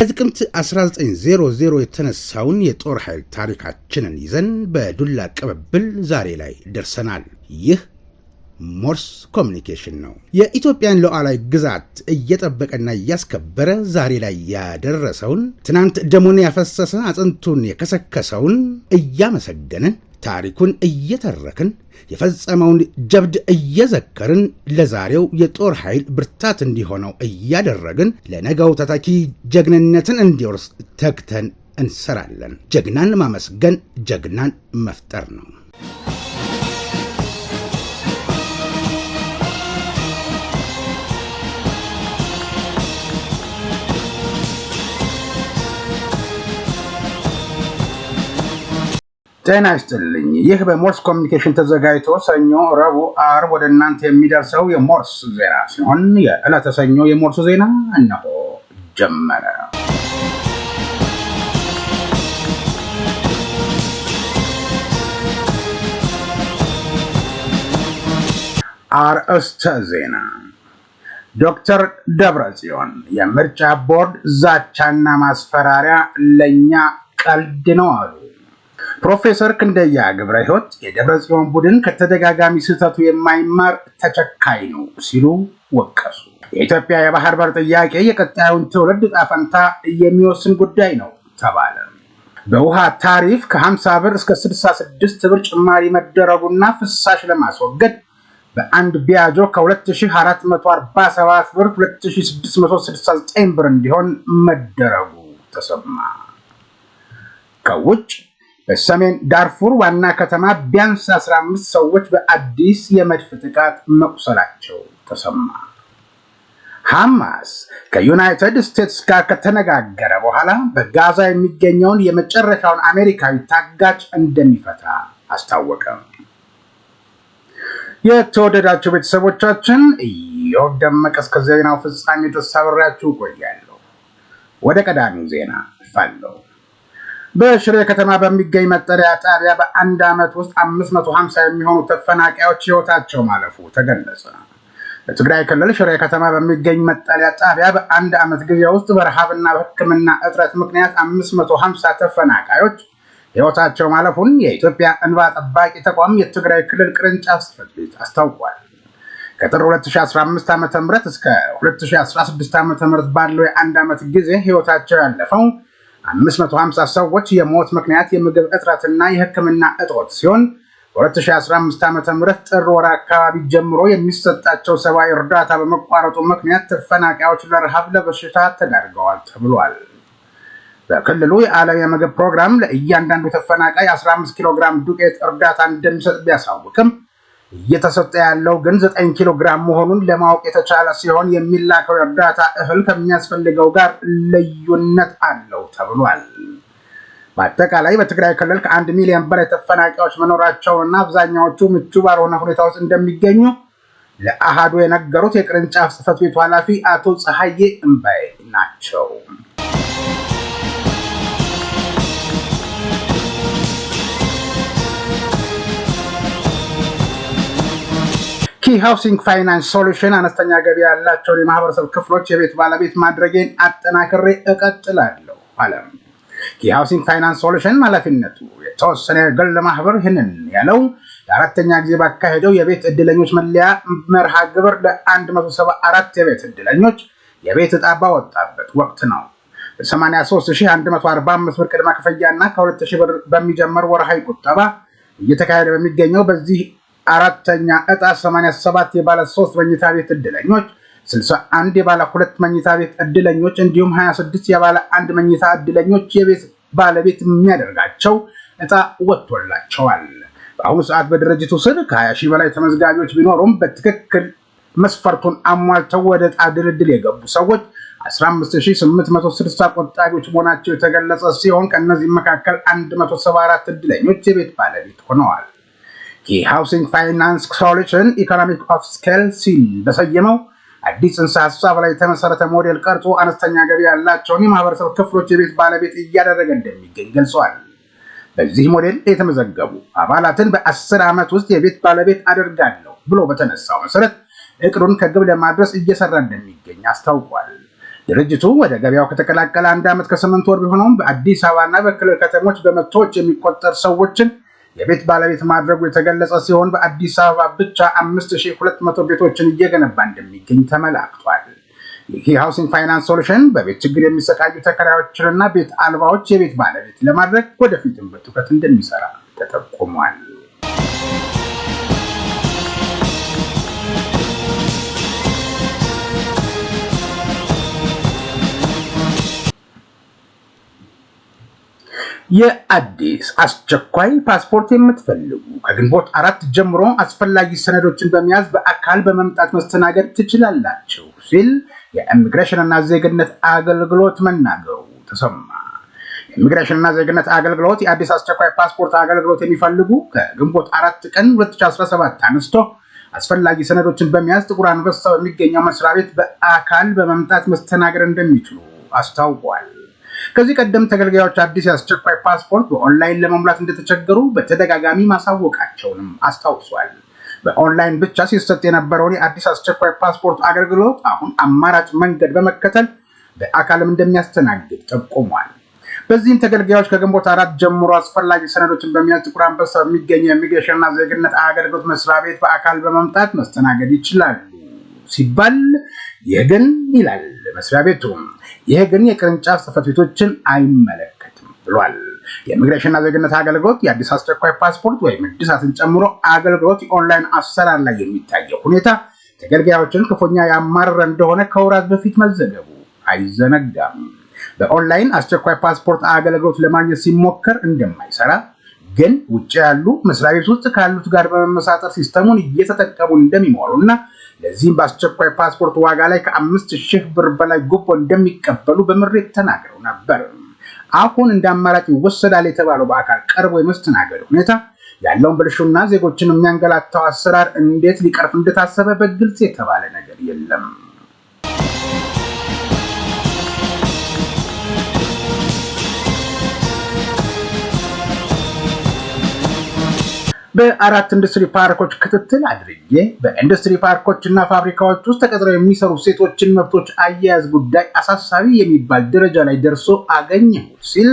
ከጥቅምት 1900 የተነሳውን የጦር ኃይል ታሪካችንን ይዘን በዱላ ቅብብል ዛሬ ላይ ደርሰናል። ይህ ሞርስ ኮሚኒኬሽን ነው። የኢትዮጵያን ሉዓላዊ ግዛት እየጠበቀና እያስከበረ ዛሬ ላይ ያደረሰውን ትናንት ደሙን ያፈሰሰ አጥንቱን የከሰከሰውን እያመሰገንን ታሪኩን እየተረክን የፈጸመውን ጀብድ እየዘከርን ለዛሬው የጦር ኃይል ብርታት እንዲሆነው እያደረግን ለነገው ተተኪ ጀግንነትን እንዲወርስ ተግተን እንሰራለን። ጀግናን ማመስገን ጀግናን መፍጠር ነው። ጤና ይስጥልኝ። ይህ በሞርስ ኮሚኒኬሽን ተዘጋጅቶ ሰኞ፣ ረቡዕ፣ ዓርብ ወደ እናንተ የሚደርሰው የሞርስ ዜና ሲሆን የዕለተ ሰኞ የሞርስ ዜና እነሆ ጀመረ። አርእስተ ዜና ዶክተር ደብረጽዮን የምርጫ ቦርድ ዛቻና ማስፈራሪያ ለእኛ ቀልድ ነው አሉ። ፕሮፌሰር ክንደያ ግብረ ሕይወት የደብረ ጽዮን ቡድን ከተደጋጋሚ ስህተቱ የማይማር ተቸካይ ነው ሲሉ ወቀሱ። የኢትዮጵያ የባህር በር ጥያቄ የቀጣዩን ትውልድ ጣፈንታ የሚወስን ጉዳይ ነው ተባለ። በውሃ ታሪፍ ከ50 ብር እስከ 66 ብር ጭማሪ መደረጉና ፍሳሽ ለማስወገድ በአንድ ቢያጆ ከ2447 ብር 2669 ብር እንዲሆን መደረጉ ተሰማ። ከውጭ በሰሜን ዳርፉር ዋና ከተማ ቢያንስ 15 ሰዎች በአዲስ የመድፍ ጥቃት መቁሰላቸው ተሰማ። ሐማስ ከዩናይትድ ስቴትስ ጋር ከተነጋገረ በኋላ በጋዛ የሚገኘውን የመጨረሻውን አሜሪካዊ ታጋጭ እንደሚፈታ አስታወቀ። የተወደዳቸው ቤተሰቦቻችን ኢዮብ ደመቀ እስከ ዜናው ፍጻሜ ተሳብሬያችሁ እቆያለሁ። ወደ ቀዳሚው ዜና አልፋለሁ። በሽሬ ከተማ በሚገኝ መጠለያ ጣቢያ በአንድ ዓመት ውስጥ 550 የሚሆኑ ተፈናቃዮች ህይወታቸው ማለፉ ተገለጸ። በትግራይ ክልል ሽሬ ከተማ በሚገኝ መጠለያ ጣቢያ በአንድ ዓመት ጊዜ ውስጥ በረሃብና በሕክምና እጥረት ምክንያት 550 ተፈናቃዮች ህይወታቸው ማለፉን የኢትዮጵያ እንባ ጠባቂ ተቋም የትግራይ ክልል ቅርንጫፍ ጽሕፈት ቤት አስታውቋል። ከጥር 2015 ዓ ም እስከ 2016 ዓ ም ባለው የአንድ ዓመት ጊዜ ህይወታቸው ያለፈው 550 ሰዎች የሞት ምክንያት የምግብ እጥረትና የሕክምና እጦት ሲሆን በ2015 ዓ ም ጥር ወር አካባቢ ጀምሮ የሚሰጣቸው ሰብአዊ እርዳታ በመቋረጡ ምክንያት ተፈናቃዮች ለረሃብ ለበሽታ ተዳርገዋል ተብሏል። በክልሉ የዓለም የምግብ ፕሮግራም ለእያንዳንዱ ተፈናቃይ 15 ኪሎ ግራም ዱቄት እርዳታ እንደሚሰጥ ቢያሳውቅም እየተሰጠ ያለው ግን ዘጠኝ ኪሎ ግራም መሆኑን ለማወቅ የተቻለ ሲሆን የሚላከው እርዳታ እህል ከሚያስፈልገው ጋር ልዩነት አለው ተብሏል። በአጠቃላይ በትግራይ ክልል ከአንድ ሚሊዮን በላይ ተፈናቃዮች መኖራቸውንና አብዛኛዎቹ ምቹ ባልሆነ ሁኔታ ውስጥ እንደሚገኙ ለአሃዱ የነገሩት የቅርንጫፍ ጽፈት ቤቱ ኃላፊ አቶ ፀሐዬ እምባይ ናቸው። ኪ ሃውሲንግ ፋይናንስ ሶሉሽን አነስተኛ ገቢ ያላቸውን የማህበረሰብ ክፍሎች የቤት ባለቤት ማድረጌን አጠናክሬ እቀጥላለሁ አለ። ኪ ሃውሲንግ ፋይናንስ ሶሉሽን ኃላፊነቱ የተወሰነ የግል ማህበር ይህንን ያለው ለአራተኛ ጊዜ ባካሄደው የቤት እድለኞች መለያ መርሃ ግብር ለ174 የቤት እድለኞች የቤት እጣ ባወጣበት ወቅት ነው በ83145 ብር ቅድመ ክፍያ እና ከ2000 ብር በሚጀምር ወርሃዊ ቁጠባ እየተካሄደ በሚገኘው በዚህ አራተኛ እጣ 87 የባለ 3 መኝታ ቤት እድለኞች 61 የባለ 2 መኝታ ቤት እድለኞች እንዲሁም 26 የባለ 1 መኝታ እድለኞች የቤት ባለቤት የሚያደርጋቸው እጣ ወጥቶላቸዋል። በአሁኑ ሰዓት በድርጅቱ ስር ከ20 ሺህ በላይ ተመዝጋቢዎች ቢኖሩም በትክክል መስፈርቱን አሟልተው ወደ እጣ ድልድል የገቡ ሰዎች 15860 ቆጣቢዎች መሆናቸው የተገለጸ ሲሆን ከእነዚህም መካከል 174 እድለኞች የቤት ባለቤት ሆነዋል። የሃውሲንግ ፋይናንስ ሶሉሽን ኢኮኖሚክ ኦፍ ስኬል ሲል በሰየመው አዲስ ጽንሰ ሀሳብ ላይ የተመሰረተ ሞዴል ቀርጾ አነስተኛ ገቢ ያላቸውን የማህበረሰብ ክፍሎች የቤት ባለቤት እያደረገ እንደሚገኝ ገልጸዋል። በዚህ ሞዴል የተመዘገቡ አባላትን በአስር ዓመት ውስጥ የቤት ባለቤት አደርጋለሁ ብሎ በተነሳው መሰረት እቅዱን ከግብ ለማድረስ እየሰራ እንደሚገኝ አስታውቋል። ድርጅቱ ወደ ገበያው ከተቀላቀለ አንድ ዓመት ከስምንት ወር ቢሆነውም በአዲስ አበባና በክልል ከተሞች በመቶዎች የሚቆጠር ሰዎችን የቤት ባለቤት ማድረጉ የተገለጸ ሲሆን በአዲስ አበባ ብቻ 5200 ቤቶችን እየገነባ እንደሚገኝ ተመላክቷል። ይህ ሃውሲንግ ፋይናንስ ሶሉሽን በቤት ችግር የሚሰቃዩ ተከራዮችንና ቤት አልባዎች የቤት ባለቤት ለማድረግ ወደፊትም በትኩረት እንደሚሰራ ተጠቁሟል። የአዲስ አስቸኳይ ፓስፖርት የምትፈልጉ ከግንቦት አራት ጀምሮ አስፈላጊ ሰነዶችን በመያዝ በአካል በመምጣት መስተናገድ ትችላላችሁ ሲል እና ዜግነት አገልግሎት መናገሩ ተሰማ። የኢሚግሬሽንና ዜግነት አገልግሎት የአዲስ አስቸኳይ ፓስፖርት አገልግሎት የሚፈልጉ ከግንቦት አራት ቀን 2017 አንስቶ አስፈላጊ ሰነዶችን በመያዝ ጥቁር አንበሳው የሚገኘው መስሪያ ቤት በአካል በመምጣት መስተናገድ እንደሚችሉ አስታውቋል። ከዚህ ቀደም ተገልጋዮች አዲስ የአስቸኳይ ፓስፖርት በኦንላይን ለመሙላት እንደተቸገሩ በተደጋጋሚ ማሳወቃቸውንም አስታውሷል። በኦንላይን ብቻ ሲሰጥ የነበረውን የአዲስ አስቸኳይ ፓስፖርት አገልግሎት አሁን አማራጭ መንገድ በመከተል በአካልም እንደሚያስተናግድ ጠቁሟል። በዚህም ተገልጋዮች ከግንቦት አራት ጀምሮ አስፈላጊ ሰነዶችን በሚያዝ ጥቁር አንበሳ የሚገኘው የኢሚግሬሽንና ዜግነት አገልግሎት መስሪያ ቤት በአካል በመምጣት መስተናገድ ይችላሉ ሲባል ይህ ግን ይላል መስሪያ ቤቱ፣ ይህ ግን የቅርንጫፍ ጽሕፈት ቤቶችን አይመለከትም ብሏል። የኢሚግሬሽንና ዜግነት አገልግሎት የአዲስ አስቸኳይ ፓስፖርት ወይም እድሳትን ጨምሮ አገልግሎት የኦንላይን አሰራር ላይ የሚታየው ሁኔታ ተገልጋዮችን ክፉኛ ያማረረ እንደሆነ ከወራት በፊት መዘገቡ አይዘነጋም። በኦንላይን አስቸኳይ ፓስፖርት አገልግሎት ለማግኘት ሲሞከር እንደማይሰራ ግን ውጭ ያሉ መስሪያ ቤት ውስጥ ካሉት ጋር በመመሳጠር ሲስተሙን እየተጠቀሙ እንደሚሞሩ እና ለዚህም በአስቸኳይ ፓስፖርት ዋጋ ላይ ከአምስት ሺህ ብር በላይ ጉቦ እንደሚቀበሉ በምሬት ተናግረው ነበር። አሁን እንደ አማራጭ ይወሰዳል የተባለው በአካል ቀርቦ የመስተናገድ ሁኔታ ያለውን ብልሹና ዜጎችን የሚያንገላታው አሰራር እንዴት ሊቀርፍ እንደታሰበ በግልጽ የተባለ ነገር የለም። በአራት ኢንዱስትሪ ፓርኮች ክትትል አድርጌ በኢንዱስትሪ ፓርኮች እና ፋብሪካዎች ውስጥ ተቀጥረው የሚሰሩ ሴቶችን መብቶች አያያዝ ጉዳይ አሳሳቢ የሚባል ደረጃ ላይ ደርሶ አገኘሁ ሲል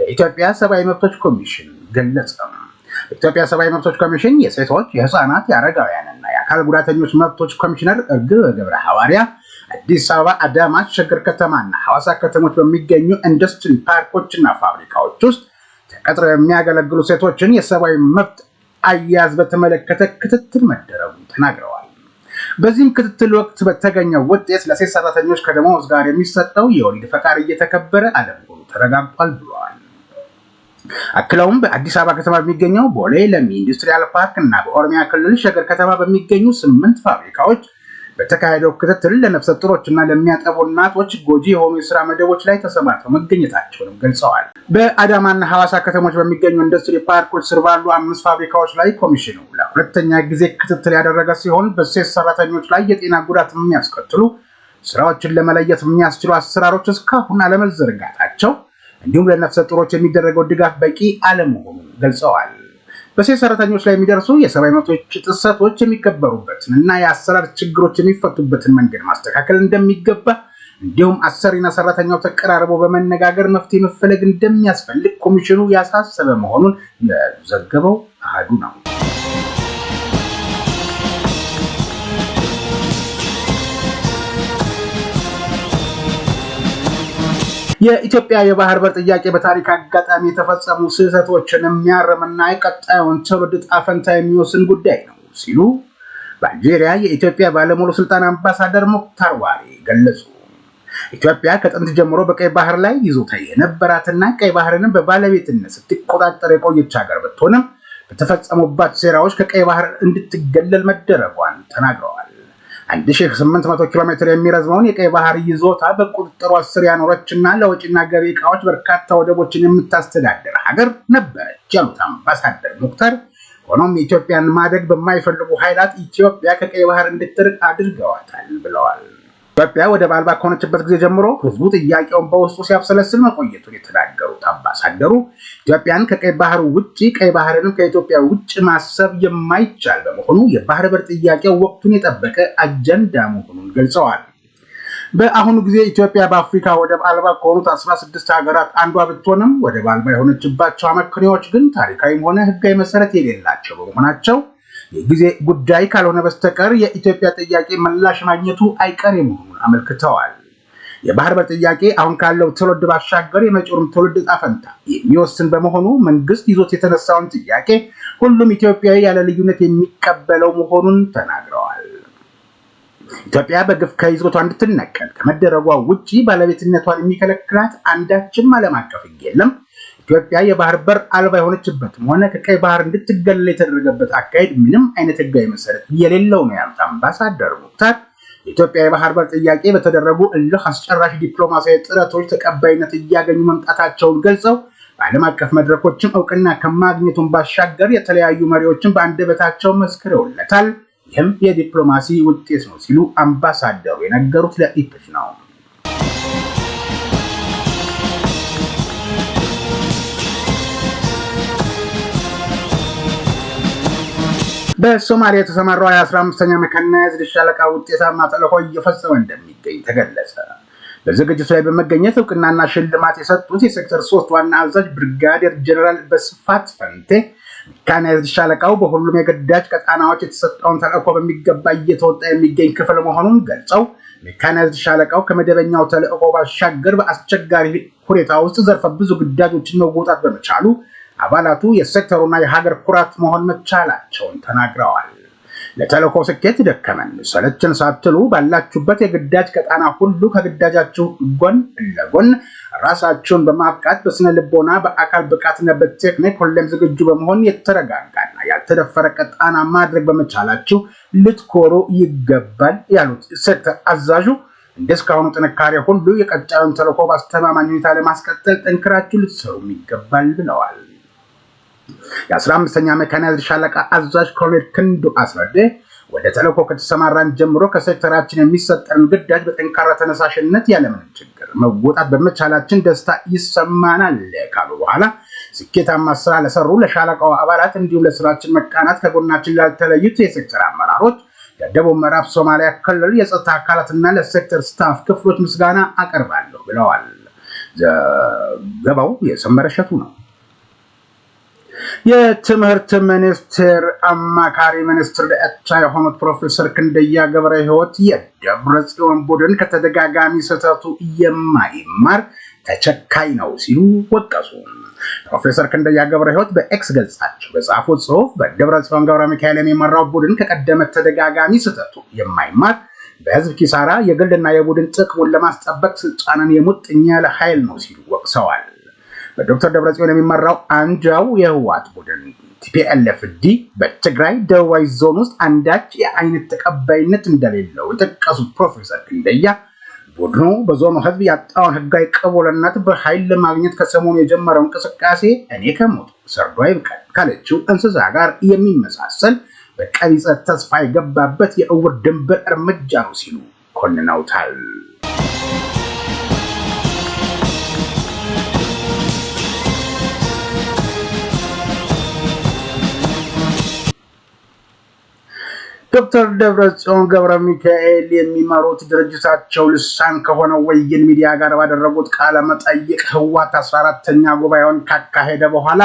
የኢትዮጵያ ሰብአዊ መብቶች ኮሚሽን ገለጸ። የኢትዮጵያ ሰብአዊ መብቶች ኮሚሽን የሴቶች፣ የህፃናት፣ የአረጋውያንና የአካል ጉዳተኞች መብቶች ኮሚሽነር እርግብ ገብረ ሐዋርያ አዲስ አበባ፣ አዳማ፣ ሸገር ከተማና ሐዋሳ ከተሞች በሚገኙ ኢንዱስትሪ ፓርኮችና ፋብሪካዎች ውስጥ ተቀጥረው የሚያገለግሉ ሴቶችን የሰብአዊ መብት አያያዝ በተመለከተ ክትትል መደረጉን ተናግረዋል። በዚህም ክትትል ወቅት በተገኘው ውጤት ለሴት ሰራተኞች ከደሞዝ ጋር የሚሰጠው የወሊድ ፈቃድ እየተከበረ አለመሆኑ ተረጋግጧል ብለዋል። አክለውም በአዲስ አበባ ከተማ በሚገኘው ቦሌ ለሚ ኢንዱስትሪያል ፓርክ እና በኦሮሚያ ክልል ሸገር ከተማ በሚገኙ ስምንት ፋብሪካዎች በተካሄደው ክትትል ለነፍሰ እና ለሚያጠቡ እናቶች ጎጂ የሆኑ የስራ መደቦች ላይ ተሰማርተው መገኘታቸውንም ገልጸዋል። በአዳማና ሐዋሳ ከተሞች በሚገኙ ኢንዱስትሪ ፓርኮች ስር ባሉ አምስት ፋብሪካዎች ላይ ኮሚሽኑ ለሁለተኛ ጊዜ ክትትል ያደረገ ሲሆን በሴት ሰራተኞች ላይ የጤና ጉዳት የሚያስከትሉ ስራዎችን ለመለየት የሚያስችሉ አሰራሮች እስካሁን አለመዘርጋታቸው እንዲሁም ለነፍሰ ጡሮች የሚደረገው ድጋፍ በቂ አለመሆኑን ገልጸዋል። በሴት ሰራተኞች ላይ የሚደርሱ የሰብአዊ መብቶች ጥሰቶች የሚከበሩበትን እና የአሰራር ችግሮች የሚፈቱበትን መንገድ ማስተካከል እንደሚገባ እንዲሁም አሰሪና ሰራተኛው ተቀራርቦ በመነጋገር መፍትሄ መፈለግ እንደሚያስፈልግ ኮሚሽኑ ያሳሰበ መሆኑን የዘገበው አህዱ ነው። የኢትዮጵያ የባህር በር ጥያቄ በታሪክ አጋጣሚ የተፈጸሙ ስህተቶችን የሚያርምና የቀጣዩን ትውልድ ዕጣ ፈንታ የሚወስን ጉዳይ ነው ሲሉ በአልጄሪያ የኢትዮጵያ ባለሙሉ ስልጣን አምባሳደር ሙክታር ዋሪ ገለጹ። ኢትዮጵያ ከጥንት ጀምሮ በቀይ ባህር ላይ ይዞታ የነበራትና ቀይ ባህርንም በባለቤትነት ስትቆጣጠር የቆየች ሀገር ብትሆንም በተፈጸሙባት ሴራዎች ከቀይ ባህር እንድትገለል መደረጓን ተናግረዋል። 1800 ኪሎ ሜትር የሚረዝመውን የቀይ ባህር ይዞታ በቁጥጥሯ ስር ያኖረችና ለወጪና ገቢ ዕቃዎች በርካታ ወደቦችን የምታስተዳደር ሀገር ነበረች ያሉት አምባሳደር ሙክታር፣ ሆኖም የኢትዮጵያን ማደግ በማይፈልጉ ኃይላት ኢትዮጵያ ከቀይ ባህር እንድትርቅ አድርገዋታል ብለዋል። ኢትዮጵያ ወደብ አልባ ከሆነችበት ጊዜ ጀምሮ ህዝቡ ጥያቄውን በውስጡ ሲያብሰለስል መቆየቱን የተናገሩት አምባሳደሩ ኢትዮጵያን ከቀይ ባህር ውጭ ቀይ ባህርንም ከኢትዮጵያ ውጭ ማሰብ የማይቻል በመሆኑ የባህር በር ጥያቄው ወቅቱን የጠበቀ አጀንዳ መሆኑን ገልጸዋል። በአሁኑ ጊዜ ኢትዮጵያ በአፍሪካ ወደብ አልባ ከሆኑት 16 ሀገራት አንዷ ብትሆንም ወደብ አልባ የሆነችባቸው አመክንዮዎች ግን ታሪካዊም ሆነ ህጋዊ መሰረት የሌላቸው በመሆናቸው የጊዜ ጉዳይ ካልሆነ በስተቀር የኢትዮጵያ ጥያቄ ምላሽ ማግኘቱ አይቀሬ መሆኑን አመልክተዋል። የባህር በር ጥያቄ አሁን ካለው ትውልድ ባሻገር የመጪውም ትውልድ ዕጣ ፈንታ የሚወስን በመሆኑ መንግስት ይዞት የተነሳውን ጥያቄ ሁሉም ኢትዮጵያዊ ያለ ልዩነት የሚቀበለው መሆኑን ተናግረዋል። ኢትዮጵያ በግፍ ከይዞቷ እንድትነቀል ከመደረጓ ውጪ ባለቤትነቷን የሚከለክላት አንዳችም ዓለም አቀፍ ሕግ የለም። ኢትዮጵያ የባህር በር አልባ የሆነችበትም ሆነ ከቀይ ባህር እንድትገለል የተደረገበት አካሄድ ምንም አይነት ህጋዊ መሰረት የሌለው ነው ያሉት አምባሳደር ሙክታር የኢትዮጵያ የባህር በር ጥያቄ በተደረጉ እልህ አስጨራሽ ዲፕሎማሲያዊ ጥረቶች ተቀባይነት እያገኙ መምጣታቸውን ገልጸው በዓለም አቀፍ መድረኮችም እውቅና ከማግኘቱን ባሻገር የተለያዩ መሪዎችን በአንደበታቸው መስክረውለታል። ይህም የዲፕሎማሲ ውጤት ነው ሲሉ አምባሳደሩ የነገሩት ለኢፕች ነው። በሶማሊያ የተሰማራው የአስራ አምስተኛ መካናይዝድ ሻለቃ ውጤታማ ተልዕኮ እየፈጸመ እንደሚገኝ ተገለጸ። በዝግጅቱ ላይ በመገኘት እውቅናና ሽልማት የሰጡት የሴክተር ሶስት ዋና አዛዥ ብርጋዴር ጀነራል በስፋት ፈንቴ መካናይዝድ ሻለቃው በሁሉም የግዳጅ ቀጣናዎች የተሰጠውን ተልዕኮ በሚገባ እየተወጣ የሚገኝ ክፍል መሆኑን ገልጸው ሜካናይዝድ ሻለቃው ከመደበኛው ተልዕኮ ባሻገር በአስቸጋሪ ሁኔታ ውስጥ ዘርፈ ብዙ ግዳጆችን መወጣት በመቻሉ አባላቱ የሴክተሩና የሀገር ኩራት መሆን መቻላቸውን ተናግረዋል። ለተልእኮ ስኬት ደከመን ሰለችን ሳትሉ ባላችሁበት የግዳጅ ቀጣና ሁሉ ከግዳጃችሁ ጎን ለጎን ራሳችሁን በማብቃት በስነ ልቦና፣ በአካል ብቃትና በቴክኒክ ሁሌም ዝግጁ በመሆን የተረጋጋና ያልተደፈረ ቀጣና ማድረግ በመቻላችሁ ልትኮሩ ይገባል ያሉት ሴክተር አዛዡ እንደ እስካሁኑ ጥንካሬ ሁሉ የቀጣዩን ተልእኮ በአስተማማኝ ሁኔታ ለማስቀጠል ጠንክራችሁ ልትሰሩም ይገባል ብለዋል። የ 15 መካናይዝድ ሻለቃ አዛዥ ኮሎኔል ክንዱ አስረዴ ወደ ተልዕኮ ከተሰማራን ጀምሮ ከሴክተራችን የሚሰጠን ግዳጅ በጠንካራ ተነሳሽነት ያለምንም ችግር መወጣት በመቻላችን ደስታ ይሰማናል ካሉ በኋላ ስኬታማ ስራ ለሰሩ ለሻለቃው አባላት እንዲሁም ለስራችን መቃናት ከጎናችን ላልተለዩት የሴክተር አመራሮች ለደቡብ ምዕራብ ሶማሊያ ክልል የጸጥታ አካላትና ለሴክተር ስታፍ ክፍሎች ምስጋና አቀርባለሁ ብለዋል። ዘገባው የሰመረ እሸቱ ነው። የትምህርት ሚኒስቴር አማካሪ ሚኒስትር ደኤታ የሆኑት ፕሮፌሰር ክንደያ ገብረ ሕይወት የደብረ ጽዮን ቡድን ከተደጋጋሚ ስህተቱ የማይማር ተቸካይ ነው ሲሉ ወቀሱ። ፕሮፌሰር ክንደያ ገብረ ሕይወት በኤክስ ገጻቸው በጻፉት ጽሁፍ በደብረ ጽዮን ገብረ ሚካኤል የሚመራው ቡድን ከቀደመ ተደጋጋሚ ስህተቱ የማይማር በህዝብ ኪሳራ የግልና የቡድን ጥቅሙን ለማስጠበቅ ስልጣንን የሙጥኝ ያለ ኃይል ነው ሲሉ ወቅሰዋል። በዶክተር ደብረጽዮን የሚመራው አንጃው የህወሓት ቡድን ቲፒኤልኤፍ ዲ በትግራይ ደቡባዊ ዞን ውስጥ አንዳች የአይነት ተቀባይነት እንደሌለው የጠቀሱት ፕሮፌሰር ክንደያ ቡድኑ በዞኑ ህዝብ ያጣውን ህጋዊ ቅቡልነት በኃይል ለማግኘት ከሰሞኑ የጀመረው እንቅስቃሴ እኔ ከሞት ሰርዶ ይብቀል ካለችው እንስሳ ጋር የሚመሳሰል በቀቢጸ ተስፋ የገባበት የእውር ድንብር እርምጃ ነው ሲሉ ኮንነውታል። ዶክተር ደብረጽዮን ገብረ ሚካኤል የሚመሩት ድርጅታቸው ልሳን ከሆነው ወይን ሚዲያ ጋር ባደረጉት ቃለ መጠይቅ ህዋት አስራ አራተኛ ጉባኤውን ካካሄደ በኋላ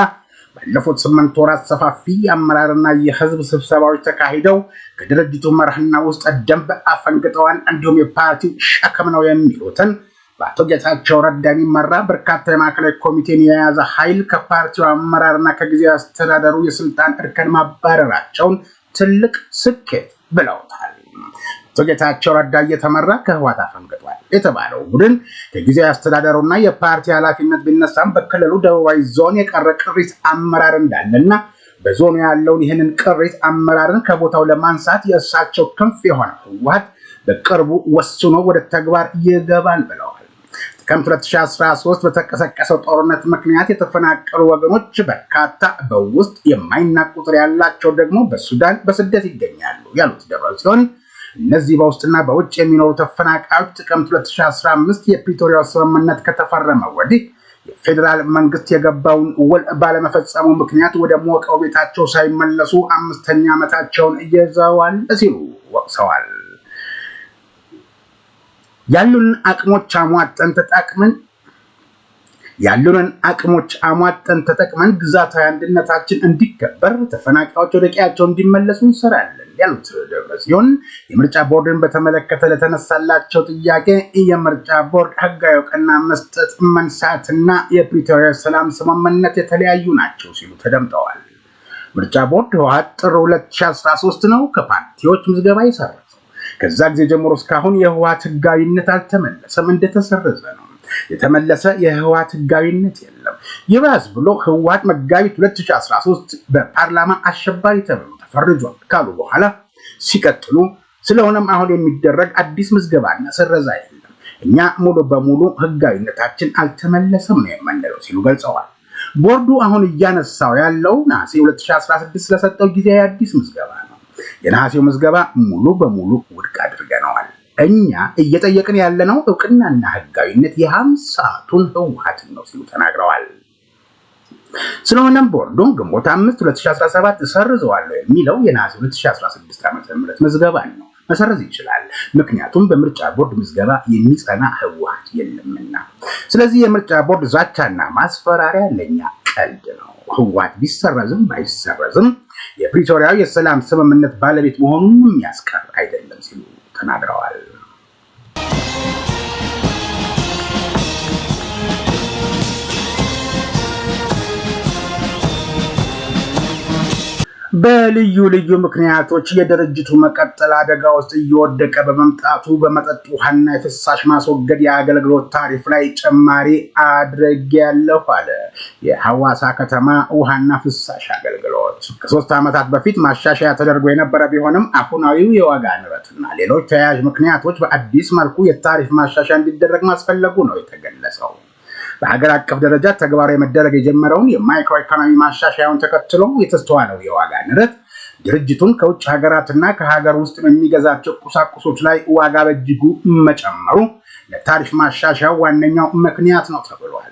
ባለፉት ስምንት ወራት ሰፋፊ አመራርና የህዝብ ስብሰባዎች ተካሂደው ከድርጅቱ መርህና ውስጥ ደንብ አፈንግጠዋል፣ እንዲሁም የፓርቲው ሸክም ነው የሚሉትን በአቶ ጌታቸው ረዳ የሚመራ በርካታ የማዕከላዊ ኮሚቴን የያዘ ኃይል ከፓርቲው አመራርና ከጊዜ አስተዳደሩ የስልጣን እርከን ማባረራቸውን ትልቅ ስኬት ብለውታል። በጌታቸው ረዳ እየተመራ ከህወሓት አፈንግጧል የተባለው ቡድን የጊዜያዊ አስተዳደሩና የፓርቲ ኃላፊነት ቢነሳም በክልሉ ደቡባዊ ዞን የቀረ ቅሪት አመራር እንዳለና በዞኑ ያለውን ይህንን ቅሪት አመራርን ከቦታው ለማንሳት የእሳቸው ክንፍ የሆነ ህወሓት በቅርቡ ወስኖ ወደ ተግባር ይገባል ብለዋል። ከም 2013 በተቀሰቀሰው ጦርነት ምክንያት የተፈናቀሉ ወገኖች በርካታ በውስጥ የማይናቅ ቁጥር ያላቸው ደግሞ በሱዳን በስደት ይገኛሉ ያሉት ደብረ ሲሆን እነዚህ በውስጥና በውጭ የሚኖሩ ተፈናቃዮች ጥቅምት 2015 የፕሪቶሪያው ስምምነት ከተፈረመ ወዲህ የፌዴራል መንግስት የገባውን ውል ባለመፈጸሙ ምክንያት ወደ ሞቀው ቤታቸው ሳይመለሱ አምስተኛ ዓመታቸውን እየዘዋል ሲሉ ወቅሰዋል። ያሉንን አቅሞች አሟጠን ተጠቅመን ያሉንን አቅሞች አሟጠን ተጠቅመን ግዛታዊ አንድነታችን እንዲከበር፣ ተፈናቃዮች ወደ ቀያቸው እንዲመለሱ እንሰራለን ያሉት ደብረ ሲሆን የምርጫ ቦርድን በተመለከተ ለተነሳላቸው ጥያቄ የምርጫ ቦርድ ሕጋዊ እውቅና መስጠት መንሳትና የፕሪቶሪያ ሰላም ስምምነት የተለያዩ ናቸው ሲሉ ተደምጠዋል። ምርጫ ቦርድ ህወሓት ጥር 2013 ነው ከፓርቲዎች ምዝገባ ይሰራል። ከዛ ጊዜ ጀምሮ እስካሁን የህወሓት ህጋዊነት አልተመለሰም፣ እንደተሰረዘ ነው። የተመለሰ የህወሓት ህጋዊነት የለም። ይባስ ብሎ ህወሓት መጋቢት 2013 በፓርላማ አሸባሪ ተብሎ ተፈርጇል ካሉ በኋላ ሲቀጥሉ ስለሆነም አሁን የሚደረግ አዲስ ምዝገባና ስረዛ የለም። እኛ ሙሉ በሙሉ ህጋዊነታችን አልተመለሰም ነው የምንለው ሲሉ ገልጸዋል። ቦርዱ አሁን እያነሳው ያለው ነሐሴ 2016 ስለሰጠው ጊዜ አዲስ ምዝገባ የነሐሴው ምዝገባ ሙሉ በሙሉ ውድቅ አድርገነዋል። እኛ እየጠየቅን ያለነው እውቅናና ህጋዊነት የሃምሳ ዓመቱን ህወሓትን ነው ሲሉ ተናግረዋል። ስለሆነም ቦርዱ ግንቦት አምስት 2017 እሰርዘዋለሁ የሚለው የነሐሴ 2016 ዓ ም ምዝገባን ነው መሰረዝ ይችላል። ምክንያቱም በምርጫ ቦርድ ምዝገባ የሚጸና ህወሓት የለምና። ስለዚህ የምርጫ ቦርድ ዛቻና ማስፈራሪያ ለኛ ቀልድ ነው። ህወሓት ቢሰረዝም ባይሰረዝም የፕሪቶሪያው የሰላም ስምምነት ባለቤት መሆኑንም የሚያስቀር አይደለም ሲሉ ተናግረዋል። በልዩ ልዩ ምክንያቶች የድርጅቱ መቀጠል አደጋ ውስጥ እየወደቀ በመምጣቱ በመጠጥ ውሃና የፍሳሽ ማስወገድ የአገልግሎት ታሪፍ ላይ ጭማሪ ያለሁ አለ የሐዋሳ ከተማ ውሃና ፍሳሽ አገልግሎት። ከሶስት ዓመታት በፊት ማሻሻያ ተደርጎ የነበረ ቢሆንም አሁናዊው የዋጋ ንረትና ሌሎች ተያያዥ ምክንያቶች በአዲስ መልኩ የታሪፍ ማሻሻያ እንዲደረግ ማስፈለጉ ነው የተገለጸው። በሀገር አቀፍ ደረጃ ተግባራዊ መደረግ የጀመረውን የማይክሮ ኢኮኖሚ ማሻሻያውን ተከትሎ የተስተዋለው የዋጋ ንረት ድርጅቱን ከውጭ ሀገራትና ከሀገር ውስጥ በሚገዛቸው ቁሳቁሶች ላይ ዋጋ በእጅጉ መጨመሩ ለታሪፍ ማሻሻያው ዋነኛው ምክንያት ነው ተብሏል።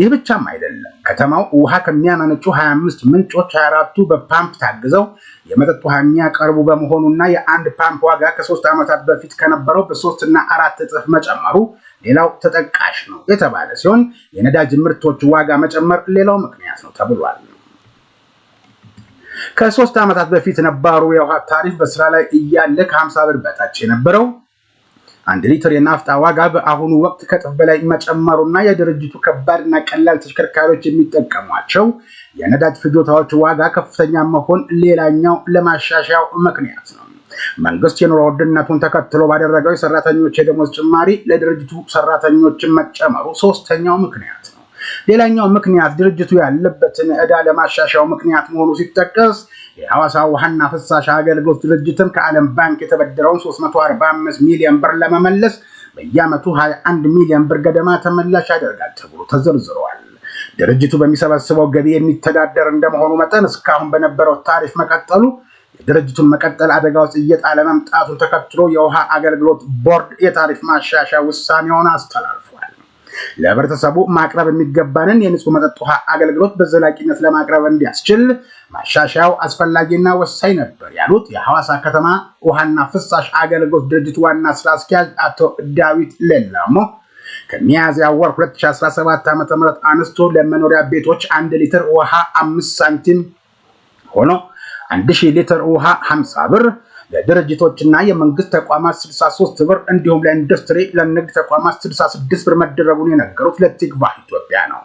ይህ ብቻም አይደለም። ከተማው ውሃ ከሚያመነጩ 25 ምንጮች 24ቱ በፓምፕ ታግዘው የመጠጥ ውሃ የሚያቀርቡ በመሆኑና የአንድ ፓምፕ ዋጋ ከሶስት ዓመታት በፊት ከነበረው በሶስት እና አራት እጥፍ መጨመሩ ሌላው ተጠቃሽ ነው የተባለ ሲሆን የነዳጅ ምርቶች ዋጋ መጨመር ሌላው ምክንያት ነው ተብሏል። ከሶስት ዓመታት በፊት ነባሩ የውሃ ታሪፍ በስራ ላይ እያለ ከ50 ብር በታች የነበረው አንድ ሊትር የናፍጣ ዋጋ በአሁኑ ወቅት ከጥፍ በላይ መጨመሩና የድርጅቱ ከባድና ቀላል ተሽከርካሪዎች የሚጠቀሟቸው የነዳጅ ፍጆታዎች ዋጋ ከፍተኛ መሆን ሌላኛው ለማሻሻያው ምክንያት ነው። መንግስት የኑሮ ውድነቱን ተከትሎ ባደረገው የሰራተኞች የደሞዝ ጭማሪ ለድርጅቱ ሰራተኞችን መጨመሩ ሶስተኛው ምክንያት ነው። ሌላኛው ምክንያት ድርጅቱ ያለበትን ዕዳ ለማሻሻያው ምክንያት መሆኑ ሲጠቀስ የሐዋሳ ውሃና ፍሳሽ አገልግሎት ድርጅትም ከዓለም ባንክ የተበደረውን 345 ሚሊዮን ብር ለመመለስ በየዓመቱ 21 ሚሊዮን ብር ገደማ ተመላሽ ያደርጋል ተብሎ ተዘርዝሯል። ድርጅቱ በሚሰበስበው ገቢ የሚተዳደር እንደመሆኑ መጠን እስካሁን በነበረው ታሪፍ መቀጠሉ የድርጅቱን መቀጠል አደጋ ውስጥ እየጣለ መምጣቱን ተከትሎ የውሃ አገልግሎት ቦርድ የታሪፍ ማሻሻያ ውሳኔውን አስተላልፏል። ለህብረተሰቡ ማቅረብ የሚገባንን የንጹህ መጠጥ ውሃ አገልግሎት በዘላቂነት ለማቅረብ እንዲያስችል ማሻሻያው አስፈላጊና ወሳኝ ነበር ያሉት የሐዋሳ ከተማ ውሃና ፍሳሽ አገልግሎት ድርጅት ዋና ስራ አስኪያጅ አቶ ዳዊት ሌላሞ ከሚያዝያ ወር 2017 ዓ ም አንስቶ ለመኖሪያ ቤቶች አንድ ሊትር ውሃ አምስት ሳንቲም ሆኖ አንድ ሺህ ሊትር ውሃ ሀምሳ ብር ለድርጅቶችና የመንግስት ተቋማት 63 ብር እንዲሁም ለኢንዱስትሪ ለንግድ ተቋማት 66 ብር መደረጉን የነገሩት ለቲክቫህ ኢትዮጵያ ነው።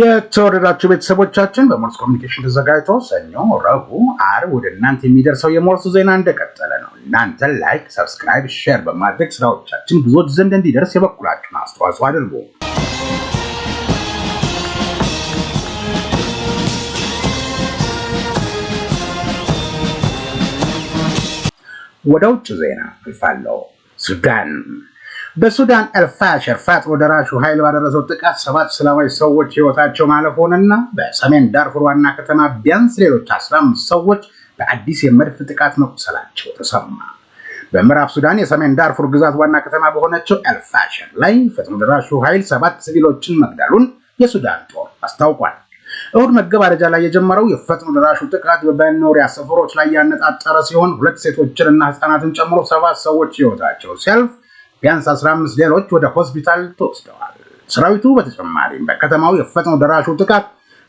የተወደዳችሁ ቤተሰቦቻችን በሞርስ ኮሚኒኬሽን ተዘጋጅቶ ሰኞ፣ ረቡዕ፣ ዓርብ ወደ እናንተ የሚደርሰው የሞርስ ዜና እንደቀጠለ ነው። እናንተ ላይክ፣ ሰብስክራይብ፣ ሼር በማድረግ ስራዎቻችን ብዙዎች ዘንድ እንዲደርስ የበኩላችሁን አስተዋጽኦ አድርጉ። ወደ ውጭ ዜና አልፋለሁ። ሱዳን በሱዳን ኤልፋሽር ፈጥኖ ደራሹ ኃይል ባደረሰው ጥቃት ሰባት ሰላማዊ ሰዎች ህይወታቸው ማለፉንና በሰሜን ዳርፉር ዋና ከተማ ቢያንስ ሌሎች 15 ሰዎች በአዲስ የመድፍ ጥቃት መቁሰላቸው ተሰማ። በምዕራብ ሱዳን የሰሜን ዳርፉር ግዛት ዋና ከተማ በሆነችው ኤልፋሸር ላይ ፈጥኖ ደራሹ ኃይል ሰባት ሲቪሎችን መግደሉን የሱዳን ጦር አስታውቋል። እሁድ መገባደጃ ላይ የጀመረው የፈጥኖ ደራሹ ጥቃት በመኖሪያ ሰፈሮች ላይ ያነጣጠረ ሲሆን ሁለት ሴቶችንና ህፃናትን ጨምሮ ሰባት ሰዎች ህይወታቸው ሲያልፍ ቢያንስ 15 ሌሎች ወደ ሆስፒታል ተወስደዋል። ሰራዊቱ በተጨማሪም በከተማው የፈጥኖ ደራሹ ጥቃት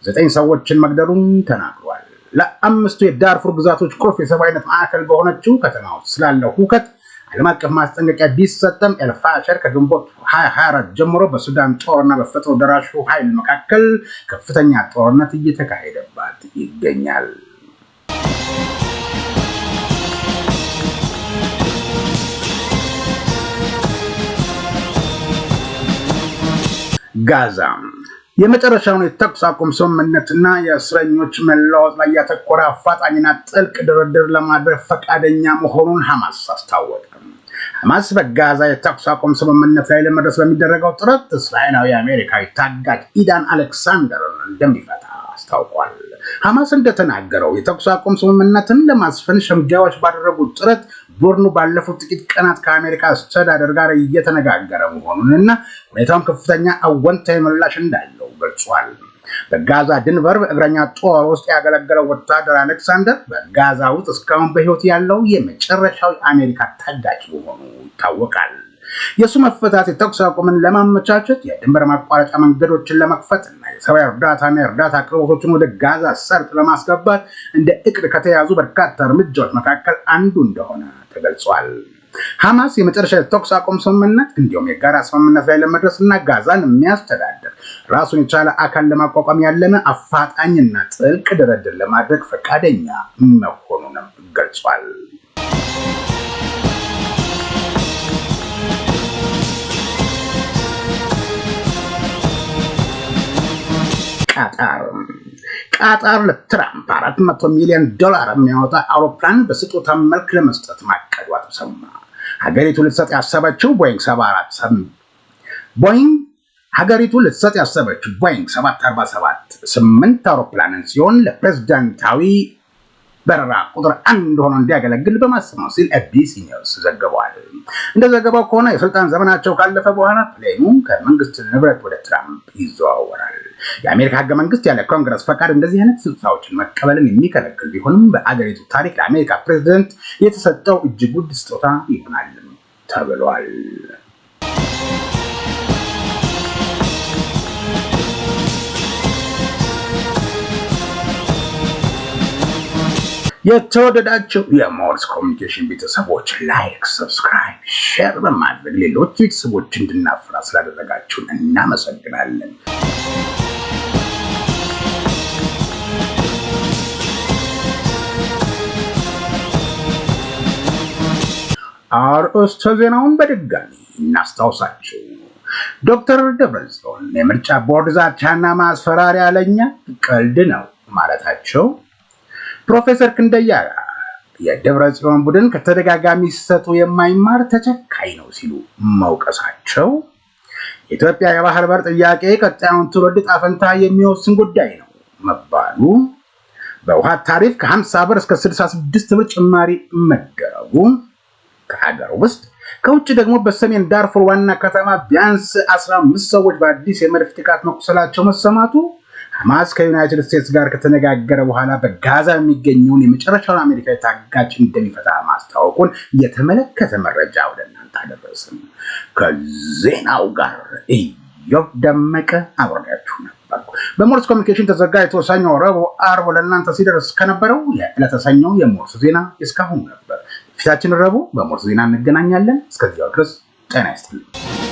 ዘጠኝ ሰዎችን መግደሉን ተናግሯል። ለአምስቱ የዳርፉር ግዛቶች ቁልፍ የሰብአዊነት ማዕከል በሆነችው ከተማ ውስጥ ስላለው ሁከት ዓለም አቀፍ ማስጠንቀቂያ ቢሰጠም ኤልፋሸር ከግንቦት 2024 ጀምሮ በሱዳን ጦርና በፈጥኖ ደራሹ ኃይል መካከል ከፍተኛ ጦርነት እየተካሄደባት ይገኛል። ጋዛ የመጨረሻውን የተኩስ አቁም ስምምነትና የእስረኞች መለዋወጥ ላይ ያተኮረ አፋጣኝና ጥልቅ ድርድር ለማድረግ ፈቃደኛ መሆኑን ሐማስ አስታወቀ። ሐማስ በጋዛ የተኩስ አቁም ስምምነት ላይ ለመድረስ በሚደረገው ጥረት እስራኤላዊ አሜሪካዊ ታጋጅ ኢዳን አሌክሳንደር እንደሚፈታ አስታውቋል። ሐማስ እንደተናገረው የተኩስ አቁም ስምምነትን ለማስፈን ሸምጋዮች ባደረጉት ጥረት ቦርኑ ባለፉት ጥቂት ቀናት ከአሜሪካ አስተዳደር ጋር እየተነጋገረ መሆኑንና ሁኔታውም ከፍተኛ አወንታዊ ምላሽ እንዳለው ገልጿል። በጋዛ ድንበር በእግረኛ ጦር ውስጥ ያገለገለው ወታደር አሌክሳንደር በጋዛ ውስጥ እስካሁን በሕይወት ያለው የመጨረሻው የአሜሪካ ታጋጅ መሆኑ ይታወቃል። የእሱ መፈታት የተኩስ አቁምን ለማመቻቸት የድንበር ማቋረጫ መንገዶችን ለመክፈት እና የሰብአዊ እርዳታና የእርዳታ አቅርቦቶችን ወደ ጋዛ ሰርጥ ለማስገባት እንደ እቅድ ከተያዙ በርካታ እርምጃዎች መካከል አንዱ እንደሆነ ተገልጿል። ሐማስ የመጨረሻ የተኩስ አቁም ስምምነት እንዲሁም የጋራ ስምምነት ላይ ለመድረስ እና ጋዛን የሚያስተዳድር ራሱን የቻለ አካል ለማቋቋም ያለመ አፋጣኝና ጥልቅ ድርድር ለማድረግ ፈቃደኛ መሆኑንም ገልጿል። ቃጣር ቃጣር ለትራምፕ አራት መቶ ሚሊዮን ዶላር የሚያወጣ አውሮፕላን በስጦታ መልክ ለመስጠት ማቀዷ ተሰማ። ሀገሪቱ ልትሰጥ ያሰበችው ቦይንግ 74 ቦይንግ ሀገሪቱ ልትሰጥ ያሰበችው ቦይንግ ሰባት ስምንት አውሮፕላንን ሲሆን ለፕሬዚዳንታዊ በረራ ቁጥር አንድ ሆኖ እንዲያገለግል በማሰብ ነው ሲል ኤቢሲ ኒውስ ዘግቧል። እንደ ዘገባው ከሆነ የስልጣን ዘመናቸው ካለፈ በኋላ ፕሌኑ ከመንግስት ንብረት ወደ ትራምፕ ይዘዋወራል። የአሜሪካ ህገ መንግስት ያለ ኮንግረስ ፈቃድ እንደዚህ አይነት ስጦታዎችን መቀበልን የሚከለክል ቢሆንም በአገሪቱ ታሪክ ለአሜሪካ ፕሬዝደንት የተሰጠው እጅግ ውድ ስጦታ ይሆናል ተብሏል። የተወደዳቸው የሞርስ ኮሚኒኬሽን ቤተሰቦች ላይክ፣ ሰብስክራይብ፣ ሼር በማድረግ ሌሎች ቤተሰቦች እንድናፈራ ስላደረጋችሁን እናመሰግናለን። አርዕስተ ዜናውን በድጋሚ እናስታውሳችሁ። ዶክተር ደብረጽዮን የምርጫ ቦርድ ዛቻና ማስፈራሪያ ለኛ ቀልድ ነው ማለታቸው፣ ፕሮፌሰር ክንደያ የደብረጽዮን ቡድን ከተደጋጋሚ ሲሰጡ የማይማር ተቸካይ ነው ሲሉ መውቀሳቸው፣ የኢትዮጵያ የባህር በር ጥያቄ ቀጣዩን ትውልድ ጣፈንታ የሚወስን ጉዳይ ነው መባሉ፣ በውሃ ታሪፍ ከ50 ብር እስከ 66 ብር ጭማሪ መደረጉ ከሀገር ውስጥ ከውጭ ደግሞ በሰሜን ዳርፉር ዋና ከተማ ቢያንስ 15 ሰዎች በአዲስ የመድፍ ጥቃት መቁሰላቸው መሰማቱ ሐማስ ከዩናይትድ ስቴትስ ጋር ከተነጋገረ በኋላ በጋዛ የሚገኘውን የመጨረሻውን አሜሪካ የታጋጭ እንደሚፈታ ማስታወቁን የተመለከተ መረጃ ወደ እናንተ አደረስም። ከዜናው ጋር ኢዮብ ደመቀ አብሬያችሁ ነበርኩ። በሞርስ ኮሚኒኬሽን ተዘጋጅቶ ሰኞ፣ ረቡዕ፣ ዓርብ ለእናንተ ሲደርስ ከነበረው የዕለተ ሰኞው የሞርስ ዜና እስካሁን ነበር። ፊታችን ረቡዕ በሞርስ ዜና እንገናኛለን። እስከዚያው ድረስ ጤና ይስጥልኝ።